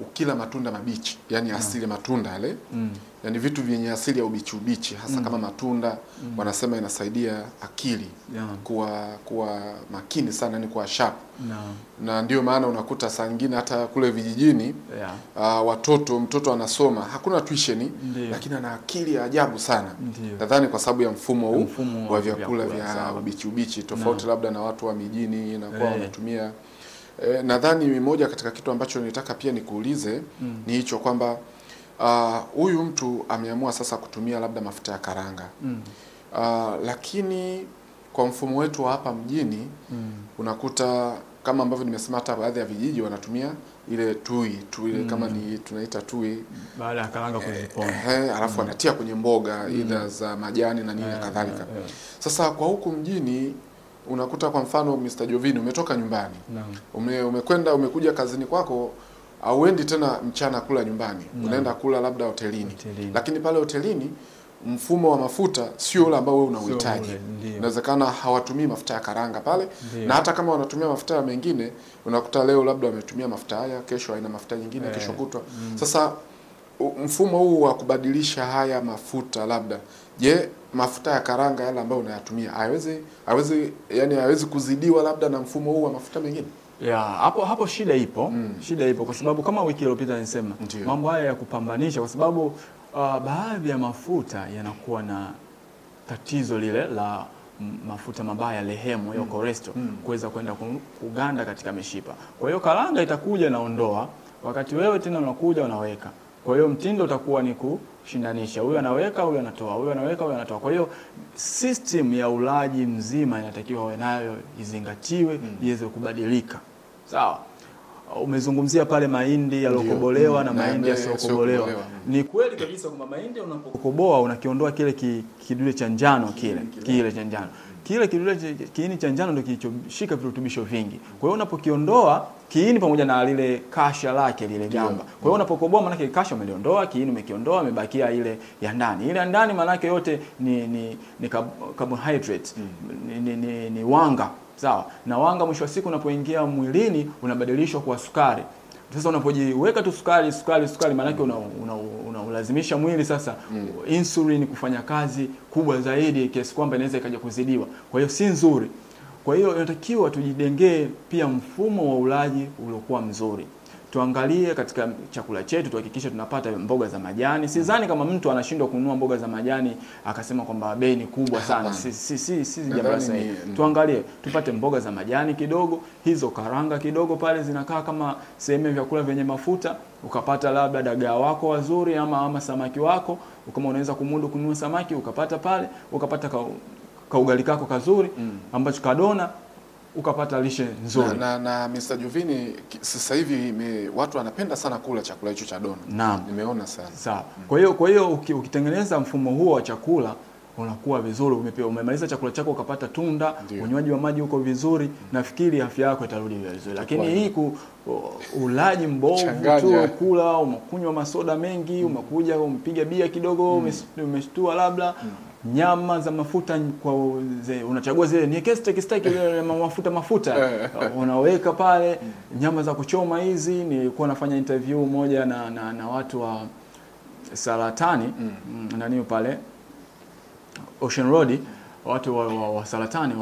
ukila matunda mabichi yani mm. asili matunda yale mm. yani vitu vyenye asili ya ubichi ubichi hasa mm. kama matunda mm. wanasema inasaidia akili yeah. kuwa kuwa makini sana ni kuwa sharp no. na ndio maana unakuta saa nyingine hata kule vijijini yeah. uh, watoto mtoto anasoma hakuna tuition lakini ana akili ya ajabu sana nadhani kwa sababu ya mfumo huu wa vyakula vya ubichi ubichi tofauti no. labda na watu wa mijini na kwa hey. Eh. wanatumia e, nadhani mmoja katika kitu ambacho nilitaka pia nikuulize mm. ni hicho kwamba ah, huyu uh, mtu ameamua sasa kutumia labda mafuta ya karanga mm. uh, lakini kwa mfumo wetu wa hapa mjini mm. unakuta kama ambavyo nimesema hata baadhi ya vijiji wanatumia ile tui tui mm. kama ni tunaita tui baada ya karanga eh, eh, eh, alafu mm. anatia kwenye mboga mm. idha za majani na nini na eh, kadhalika eh, eh. Sasa kwa huku mjini unakuta kwa mfano Mr. Jovini umetoka nyumbani no. ume, umekwenda umekuja kazini kwako auendi tena mchana kula nyumbani no. unaenda kula labda hotelini. hotelini lakini pale hotelini mfumo wa mafuta sio ule ambao wewe unauhitaji. Inawezekana hawatumii mafuta ya karanga pale Ndiyo. na hata kama wanatumia mafuta mengine, unakuta leo labda wametumia mafuta haya, kesho haina mafuta nyingine eh, kesho kutwa mm. Sasa mfumo huu wa kubadilisha haya mafuta labda, je, mafuta ya karanga yale ambayo unayatumia haiwezi haiwezi yani haiwezi kuzidiwa labda na mfumo huu wa mafuta mengine ya hapo hapo shida ipo mm. shida ipo kwa sababu kama wiki iliyopita nilisema mambo haya ya kupambanisha kwa sababu uh, baadhi ya mafuta yanakuwa na tatizo lile la mafuta mabaya lehemu hiyo mm. cholesterol mm. kuweza kwenda kuganda katika mishipa. Kwa hiyo karanga itakuja inaondoa, wakati wewe tena unakuja unaweka. Kwa hiyo mtindo utakuwa ni ku shindanisha huyu anaweka, huyu anatoa, huyu anaweka, huyu anatoa. Kwa hiyo system ya ulaji mzima inatakiwa we nayo izingatiwe, mm. iweze kubadilika. Sawa, umezungumzia pale mahindi yaliokobolewa na mahindi yasiyokobolewa. Ni kweli kabisa kwamba mahindi unapokoboa unakiondoa kile kidule cha njano kile kile cha njano kile kidude kiini cha njano ndio kilichoshika virutubisho vingi. Kwa hiyo unapokiondoa kiini pamoja na lile kasha lake lile gamba. Kwa hiyo unapokoboa maanake kasha umeliondoa, kiini umekiondoa, amebakia ile ya ndani. Ile ya ndani maanake yote ni ni, ni carbohydrate, mm. ni, ni, ni, ni wanga sawa. Na wanga mwisho wa siku unapoingia mwilini unabadilishwa kuwa sukari. Sasa unapojiweka tu sukari sukari sukari, maanake una, una, una kulazimisha mwili sasa mm. insulin kufanya kazi kubwa zaidi kiasi kwamba inaweza ikaja kuzidiwa, kwa hiyo si nzuri. Kwa hiyo inatakiwa tujidengee pia mfumo wa ulaji uliokuwa mzuri tuangalie katika chakula chetu, tuhakikishe tunapata mboga za majani. Sidhani kama mtu anashindwa kununua mboga za majani akasema kwamba bei ni kubwa sana, si si si, si jambo la Tuangalie tupate mboga za majani kidogo, hizo karanga kidogo pale zinakaa kama sehemu ya vyakula vyenye mafuta, ukapata labda dagaa wako wazuri ama ama samaki wako, kama unaweza kumudu kununua samaki ukapata pale, ukapata ka, kaugali kako kazuri mm. ambacho kadona ukapata lishe nzuri na, na, na Mr. Jovini sasa hivi watu wanapenda sana kula chakula hicho cha dona. Naam. Nimeona sana. Sawa. Kwa hiyo kwa hiyo ukitengeneza mfumo huo wa chakula unakuwa vizuri, umepewa umemaliza chakula chako ukapata tunda, unywaji wa maji uko vizuri, nafikiri afya yako itarudi vizuri. Lakini hii ku ulaji mbovu tu, kula umakunywa masoda mengi, mm. umekuja umpiga bia kidogo, mm. umeshtua labda mm nyama za mafuta kwa ze, unachagua zile ni keste kistaki eh. mafuta mafuta eh. unaweka pale, mm. nyama za kuchoma hizi. Nilikuwa nafanya interview moja na, na, na watu wa saratani mm. mm nani pale Ocean Road watu wa, wa, wa saratani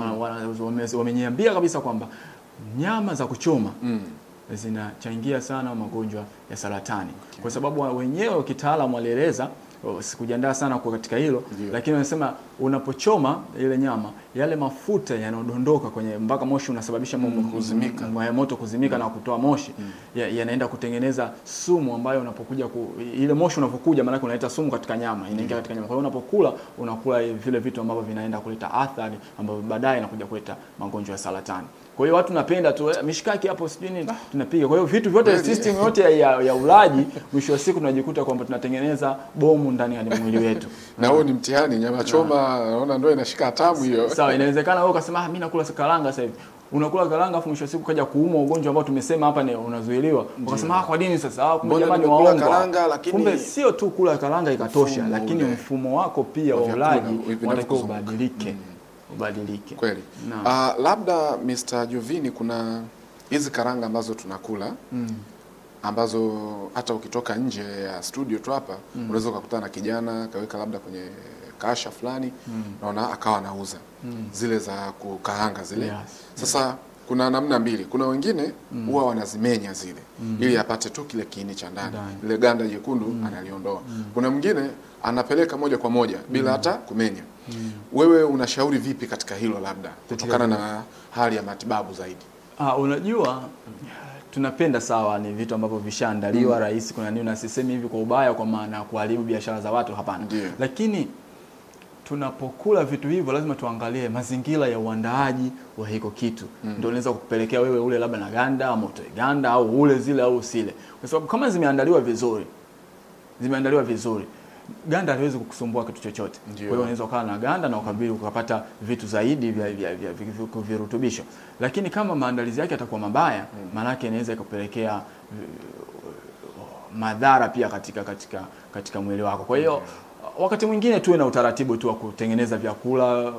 wameniambia wame, kabisa kwamba nyama za kuchoma mm. zinachangia sana magonjwa ya saratani okay. Kwa sababu wenyewe kitaalamu walieleza Oh, sikujiandaa sana kwa katika hilo Jio. Lakini wanasema unapochoma ile nyama yale mafuta yanayodondoka kwenye mpaka moshi unasababisha mm, kuzimika. Mm, moto kuzimika mm. na kutoa moshi mm. yanaenda ya kutengeneza sumu ambayo unapokuja ku, ile moshi unapokuja maana unaleta sumu katika nyama inaingia katika nyama. Kwa hiyo unapokula unakula vile vitu ambavyo vinaenda kuleta athari ambavyo baadaye inakuja kuleta magonjwa ya saratani. Kwa hiyo watu napenda tu eh, mishikaki hapo sijui nini ah. tunapiga. Kwa hiyo vitu vyote system yote ya, ya ulaji mwisho wa siku tunajikuta kwamba tunatengeneza bomu ndani ya mwili wetu. na huo ni mtihani, nyama choma ah. naona ndio inashika hatamu hiyo. Sawa, inawezekana wewe ukasema ah, mimi nakula karanga sasa hivi unakula karanga afu mwisho wa siku kaja kuumwa ugonjwa ambao tumesema hapa ni unazuiliwa, ukasema ah, kwa nini sasa? Kumbe jamani waongo, kumbe sio tu kula karanga ikatosha, lakini mfumo wako pia wa ulaji unatakiwa ubadilike. Mm ubadilike kweli. Uh, labda Mr. Jovini, kuna hizi karanga ambazo tunakula mm. ambazo hata ukitoka nje ya studio tu hapa mm. unaweza ukakutana na kijana akaweka labda kwenye kasha fulani mm. naona akawa anauza mm. zile za kukaanga zile yes. Sasa yes kuna namna mbili. Kuna wengine mm. huwa mm. wanazimenya zile mm. ili apate tu kile kiini cha ndani, ile ganda jekundu mm. analiondoa mm. Kuna mwingine anapeleka moja kwa moja bila mm. hata mm. kumenya mm. Wewe unashauri vipi katika hilo, labda kutokana na hali ya matibabu zaidi? Ah, unajua tunapenda sawa, ni vitu ambavyo vishaandaliwa mm. rahisi. Kuna nini, na hivi kwa ubaya, kwa maana ya kuharibu biashara za watu, hapana, lakini tunapokula vitu hivyo lazima tuangalie mazingira ya uandaaji wa hiko kitu mm. ndio unaweza kukupelekea wewe ule labda na ganda au moto ganda au ule zile au usile, kwa sababu kama zimeandaliwa vizuri, zimeandaliwa vizuri ganda haliwezi kukusumbua kitu chochote. Kwa hiyo unaweza ukawa na ganda na ukabili ukapata vitu zaidi vya, vya, vya, virutubisho, lakini kama maandalizi yake atakuwa mabaya mm. maanake inaweza ikapelekea eh, madhara pia katika katika katika mwili wako. Kwa hiyo mm wakati mwingine tuwe na utaratibu tu wa kutengeneza vyakula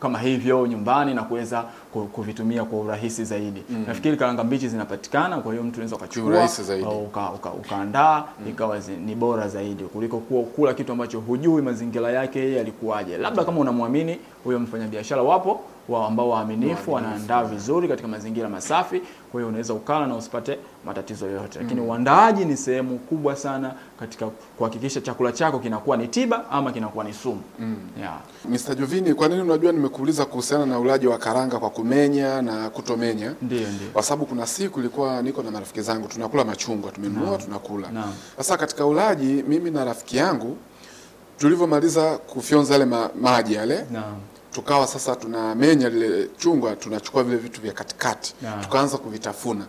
kama hivyo nyumbani na kuweza kuvitumia kwa urahisi zaidi. Mm. Nafikiri karanga mbichi zinapatikana, kwa hiyo mtu unaweza ukachukua uka, uka, ukaandaa mm. ikawa ni bora zaidi kuliko kuwa kula kitu ambacho hujui mazingira yake yalikuwaje Labda kama unamwamini huyo mfanyabiashara, wapo wa ambao waaminifu wanaandaa vizuri katika mazingira masafi. Kwa hiyo unaweza ukala na usipate matatizo yoyote, lakini mm. uandaaji ni sehemu kubwa sana katika kuhakikisha chakula chako kinakuwa ni tiba ama kinakuwa ni sumu mm. yeah. Mr. Jovini, kwa nini unajua nimekuuliza kuhusiana na ulaji wa karanga kwa kumenya na kutomenya? Ndio, ndio, kwa sababu kuna siku ilikuwa niko na marafiki zangu tunakula machungwa, tumenunua tunakula. Sasa katika ulaji, mimi na rafiki yangu tulivyomaliza kufyonza yale ma maji yale Naam tukawa sasa tunamenya lile chungwa, tunachukua vile vitu vya katikati yeah. Tukaanza kuvitafuna.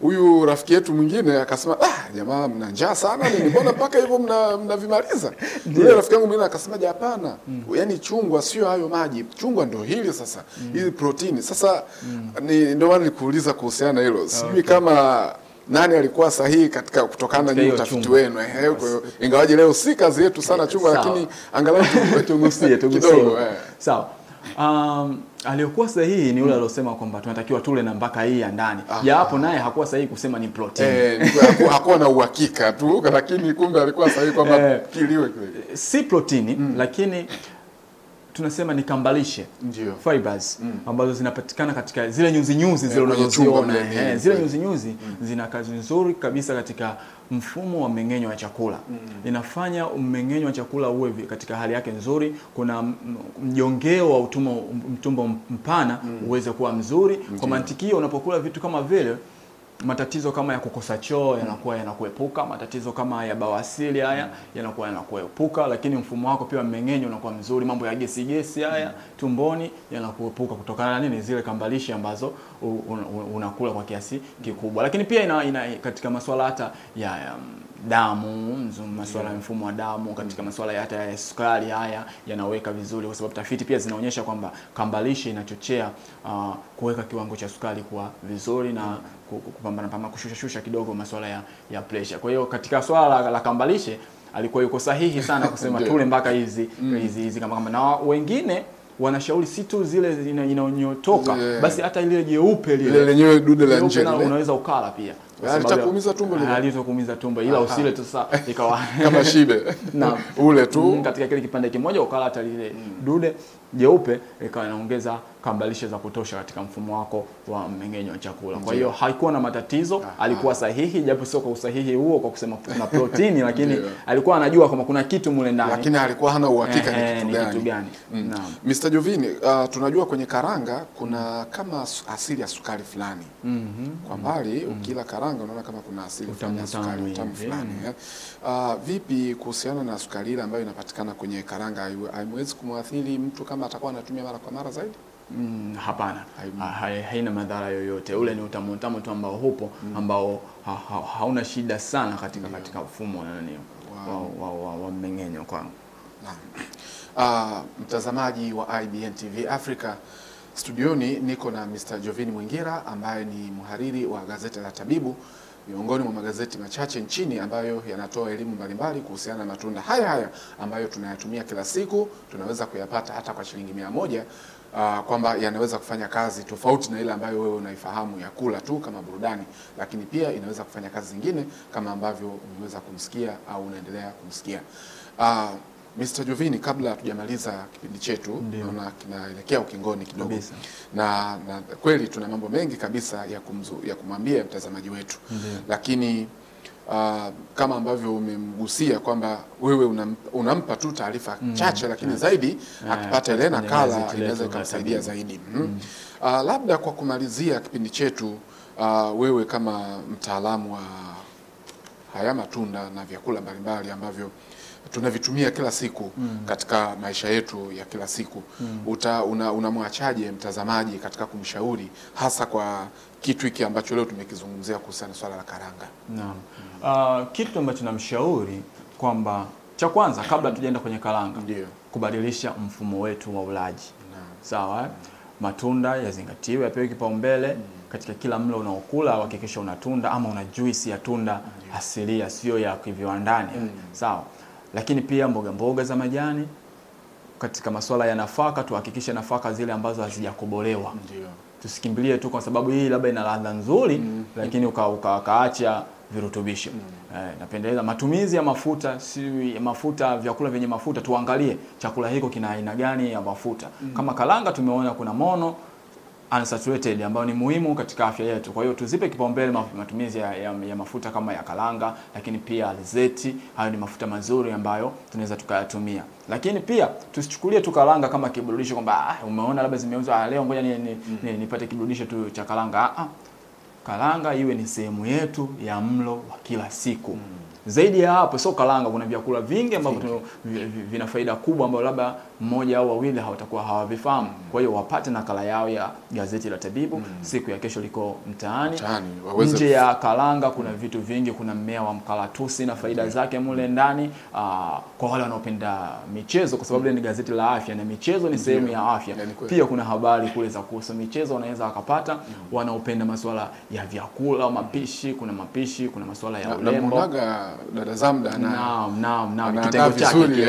Huyu rafiki yetu mwingine akasema, ah, jamaa mna njaa sana ni mbona mpaka hivyo mna mnavimaliza? <laughs> Yule rafiki yangu mwingine akasema, hapana mm. Yani chungwa sio hayo maji, chungwa ndio hili sasa mm. Hizi protini sasa mm. Ndio maana nikuuliza kuhusiana na hilo, sijui okay. kama nani alikuwa sahihi katika kutokana na utafiti wenu. Eh? Kwa hiyo ingawaje leo si kazi yetu sana eh, chunga, lakini angalau <laughs> tugusie kidogo. Eh. Sawa. Um, aliyokuwa sahihi ni yule mm. aliosema kwamba tunatakiwa tule na mpaka hii ya ndani, jawapo ah. naye hakuwa sahihi kusema ni protein. eh, hakuwa na uhakika tu, lakini kumbe alikuwa sahihi kwamba <laughs> kiliwe kile si protini, mm. lakini tunasema ni kambalishe Ndiyo. fibers mm. ambazo zinapatikana katika zile nyuzi nyuzi zile eh, unazoziona eh, zile mm. nyuzi nyuzi mm. zina kazi nzuri kabisa katika mfumo wa mmeng'enyo wa chakula mm. inafanya mmeng'enyo wa chakula uwe katika hali yake nzuri. Kuna mjongeo wa utumbo, mtumbo mpana mm. uweze kuwa mzuri Ndiyo. kwa mantikio unapokula vitu kama vile matatizo kama ya kukosa choo yanakuwa yanakuepuka, matatizo kama ya bawasili haya mm. yanakuwa yanakuepuka, lakini mfumo wako pia mmeng'enyo unakuwa mzuri, mambo ya gesi gesi haya mm. tumboni yanakuepuka kutokana na nini? Zile kambalishi ambazo unakula kwa kiasi kikubwa, lakini pia ina, ina katika masuala hata ya, ya mm, damu masuala ya mfumo wa damu katika masuala ya hata ya sukari haya yanaweka vizuri, kwa sababu tafiti pia zinaonyesha kwamba kambalishi inachochea uh, kuweka kiwango cha sukari kuwa vizuri na kupambana pambana kushusha shusha kidogo masuala ya, ya pressure. Kwa hiyo katika swala la, la kambalishe alikuwa yuko sahihi sana kusema tule mpaka hizi mm. hizi hizi kama kama, na wengine wanashauri si tu zile zinayonyotoka yeah. Basi hata ile jeupe lile lenyewe dude la nje unaweza ukala pia alitakuumiza tumbo lile ah, alitakuumiza tumbo ila usile tu sasa <laughs> ikawa kama shibe <laughs> na ule tu mm, katika kile kipande kimoja ukala hata lile mm. dude jeupe ikawa inaongeza kabla lishe za kutosha katika mfumo wako wa mmeng'enyo wa chakula. Kwa hiyo haikuwa na matatizo, ah, alikuwa ah. sahihi, japo sio kwa usahihi huo kwa kusema kuna protini, <laughs> lakini alikuwa anajua kwamba kuna kitu mule ndani, lakini alikuwa hana uhakika ni eh, kitu gani. Mm. Naam, Mr. Jovini, uh, tunajua kwenye karanga kuna kama asili ya sukari fulani mm -hmm. kwa mbali mm -hmm. ukila karanga unaona kama kuna asili ya sukari utamu fulani yeah. Uh, vipi kuhusiana na sukari ile ambayo inapatikana kwenye karanga, haiwezi kumwathiri mtu kama atakuwa anatumia mara kwa mara zaidi? Mm, hapana, ah, haina madhara yoyote. Ule ni utamu tu ambao hupo mm. ambao ha, ha, hauna shida sana katika yeah. katika mfumo nani wow. wa, wa, wa, wa mmeng'enyo kwangu. Uh, mtazamaji wa IBN TV Africa studioni, niko na Mr. Jovini Mwingira ambaye ni mhariri wa gazeti la Tabibu, miongoni mwa magazeti machache nchini ambayo yanatoa elimu mbalimbali kuhusiana na matunda haya haya ambayo tunayatumia kila siku, tunaweza kuyapata hata kwa shilingi mia moja uh, kwamba yanaweza kufanya kazi tofauti na ile ambayo wewe unaifahamu ya kula tu kama burudani, lakini pia inaweza kufanya kazi zingine kama ambavyo umeweza kumsikia au unaendelea kumsikia uh, Mr. Jovini, kabla hatujamaliza kipindi chetu, naona kinaelekea ukingoni kidogo na, na kweli tuna mambo mengi kabisa ya kumzu, ya kumwambia mtazamaji wetu Ndiyo. lakini Uh, kama ambavyo umemgusia kwamba wewe unam, unampa tu taarifa mm, chache lakini yes, zaidi akipata ile nakala inaweza ikamsaidia zaidi mm. Mm. Uh, labda kwa kumalizia kipindi chetu uh, wewe kama mtaalamu wa haya matunda na vyakula mbalimbali ambavyo tunavitumia kila siku mm. katika maisha yetu ya kila siku mm. unamwachaje una mtazamaji katika kumshauri hasa kwa kitu hiki ambacho leo tumekizungumzia kuhusiana swala la karanga? Naam. Mm. Uh, kitu ambacho namshauri kwamba cha kwanza kabla tujaenda kwenye karanga ndio kubadilisha mfumo wetu wa ulaji sawa eh? matunda yazingatiwe, yapewe kipaumbele mm. katika kila mlo unaokula, hakikisha una tunda ama una juisi ya tunda asilia, sio ya kiviwandani mm. sawa lakini pia mboga mboga za majani. Katika masuala ya nafaka, tuhakikishe nafaka zile ambazo hazijakobolewa, ndio tusikimbilie tu kwa sababu hii labda ina ladha nzuri mm. lakini ukaacha uka, uka virutubisho mm. Eh, napendeleza matumizi ya mafuta si mafuta, vyakula vyenye mafuta tuangalie chakula hiko kina aina gani ya mafuta mm. Kama kalanga tumeona kuna mono unsaturated ambayo ni muhimu katika afya yetu. Kwa hiyo tuzipe kipaumbele matumizi ya, ya, ya mafuta kama ya kalanga, lakini pia alizeti. Hayo ni mafuta mazuri ambayo tunaweza tukayatumia, lakini pia tusichukulie tu kalanga kama kiburudisho kwamba ah, umeona labda zimeuzwa ah, leo, ngoja ni, ni, ni, mm. ni, nipate kiburudisho tu cha kalanga. Ah, ah, kalanga iwe ni sehemu yetu ya mlo wa kila siku mm. Zaidi ya hapo, sio karanga, kuna vyakula vingi ambavyo vina faida kubwa ambayo labda mmoja au wawili hawatakuwa hawavifahamu. Kwa hiyo wapate nakala yao ya gazeti la Tabibu mm. siku ya kesho liko mtaani. Nje ya karanga kuna mm. vitu vingi, kuna mmea wa mkaratusi na faida yeah. zake mule mm. ndani. Uh, kwa wale wanaopenda michezo, kwa sababu mm. ni gazeti la afya na michezo ni sehemu ya afya yani, pia kuna habari kule za kuhusu michezo wanaweza wakapata mm. wanaopenda masuala ya vyakula, mapishi, kuna mapishi, kuna masuala ya na, ulembo na dada Zamda eh, anaandaa vizuri,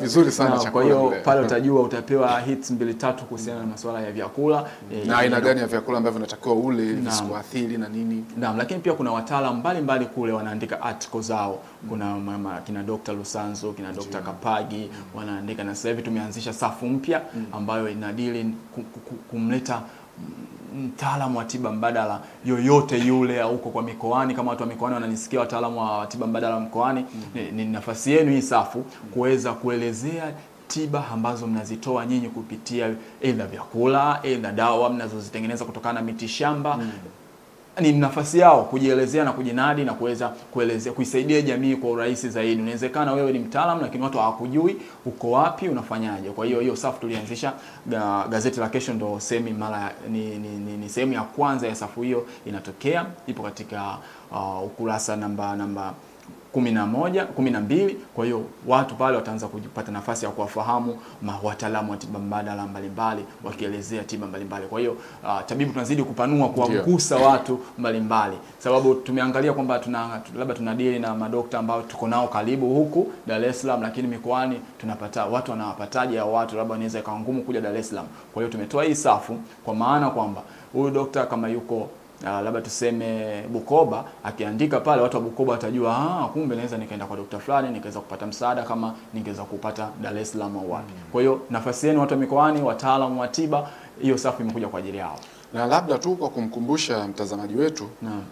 vizuri sana chakula. Kwa hiyo pale utajua utapewa hits mbili tatu kuhusiana na masuala ya vyakula eh, na aina gani ya vyakula ambavyo vinatakiwa ule visikuathiri na nini. Naam, lakini pia kuna wataalamu mbalimbali kule wanaandika article zao. Kuna mama kina Dr. Lusanzo, kina Dr. Kapagi mm. wanaandika, na sasa hivi tumeanzisha safu mpya mm. ambayo inadili kumleta mtaalamu wa tiba mbadala yoyote yule huko kwa mikoani, kama watu wa mikoani wananisikia, wataalamu wa tiba mbadala wa mkoani, mm -hmm. ni, ni nafasi yenu hii safu kuweza kuelezea tiba ambazo mnazitoa nyinyi kupitia aidha vyakula aidha dawa mnazozitengeneza kutokana na miti shamba mm -hmm ni nafasi yao kujielezea na kujinadi na kuweza kuelezea kuisaidia jamii kwa urahisi zaidi. Inawezekana wewe ni mtaalamu lakini watu hawakujui, uko wapi, unafanyaje? Kwa hiyo hiyo safu tulianzisha ga, gazeti la kesho ndo sehemu mara ni, ni, ni, ni sehemu ya kwanza ya safu hiyo inatokea, ipo katika uh, ukurasa namba namba 11, 12. Kwa hiyo watu pale wataanza kupata nafasi ya kuwafahamu wataalamu wa tiba mbadala mbalimbali wakielezea tiba mbalimbali. Kwa hiyo uh, tabibu tunazidi kupanua kuwagusa watu mbalimbali, sababu tumeangalia kwamba tuna labda tunadili na madokta ambao tuko nao karibu huku Dar es Salaam, lakini mikoani tunapata watu wanawapataje ya watu, labda inaweza ikawa ngumu kuja Dar es Salaam. Kwa hiyo tumetoa hii safu kwa maana kwamba huyu dokta kama yuko Ah, labda tuseme Bukoba, akiandika pale watu wa Bukoba watajua, ah, kumbe naweza nikaenda kwa daktari fulani nikaweza kupata msaada kama ningeweza kupata Dar es Salaam au wapi. Mm. Kwa hiyo nafasi yenu watu wa mikoani, wataalamu wa tiba, hiyo safu imekuja kwa ajili yao na labda tu kwa kumkumbusha mtazamaji wetu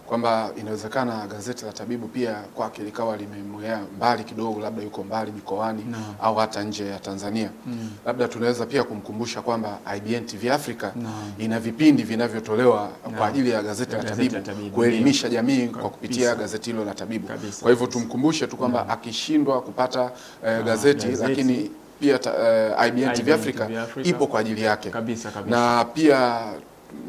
kwamba inawezekana gazeti la Tabibu pia kwake likawa limemwea mbali kidogo, labda yuko mbali mikoani au hata nje ya Tanzania na. Labda tunaweza pia kumkumbusha kwamba IBN TV Africa ina vipindi vinavyotolewa kwa ajili ya gazeti la Tabibu, Tabibu kuelimisha jamii kwa kupitia kabisa, gazeti hilo la Tabibu kabisa. Kwa hivyo tumkumbushe tu kwamba akishindwa kupata eh, gazeti, gazeti lakini pia uh, IBN TV Africa ipo kwa ajili yake kabisa, kabisa. Na pia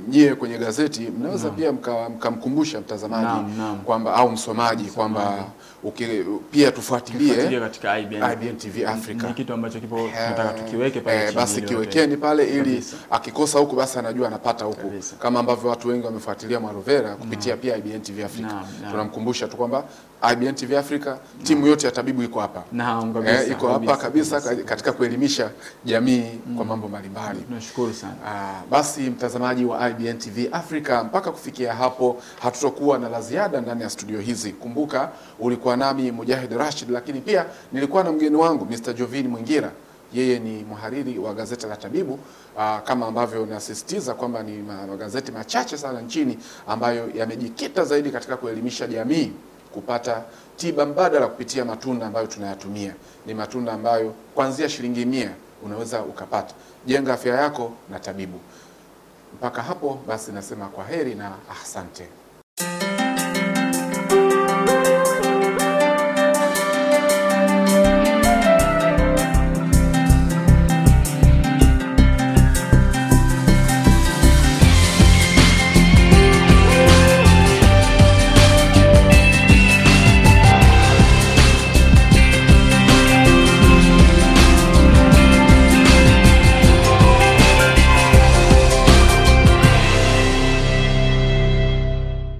nyie kwenye gazeti mnaweza pia mkamkumbusha mka mtazamaji kwamba au msomaji kwamba uki, pia tufuatilie katika IBN, IBN TV Africa. Ni kitu ambacho kipo eh, tunataka tukiweke pale eh, chini, basi kiwekeni pale ili kabisa. akikosa huku basi anajua anapata huku, kama ambavyo watu wengi wamefuatilia Mwarovera kupitia mm. pia IBN TV Africa. Tunamkumbusha tu kwamba IBN TV Africa timu yote ya tabibu iko hapa, naam kabisa, Eh, iko hapa kabisa katika kuelimisha jamii mm. kwa mambo mbalimbali. Tunashukuru sana. Ah, Basi mtazamaji wa IBN TV Africa, mpaka kufikia hapo hatutokuwa na la ziada ndani ya studio hizi. Kumbuka ulikuwa nilikuwa nami Mujahid Rashid, lakini pia nilikuwa na mgeni wangu Mr. Jovin Mwingira yeye ni mhariri wa gazeti la Tabibu. Aa, uh, kama ambavyo nasisitiza kwamba ni magazeti machache sana nchini ambayo yamejikita zaidi katika kuelimisha jamii kupata tiba mbadala kupitia matunda ambayo tunayatumia. Ni matunda ambayo kuanzia shilingi mia unaweza ukapata jenga afya yako na Tabibu. Mpaka hapo basi, nasema kwa heri na ahsante.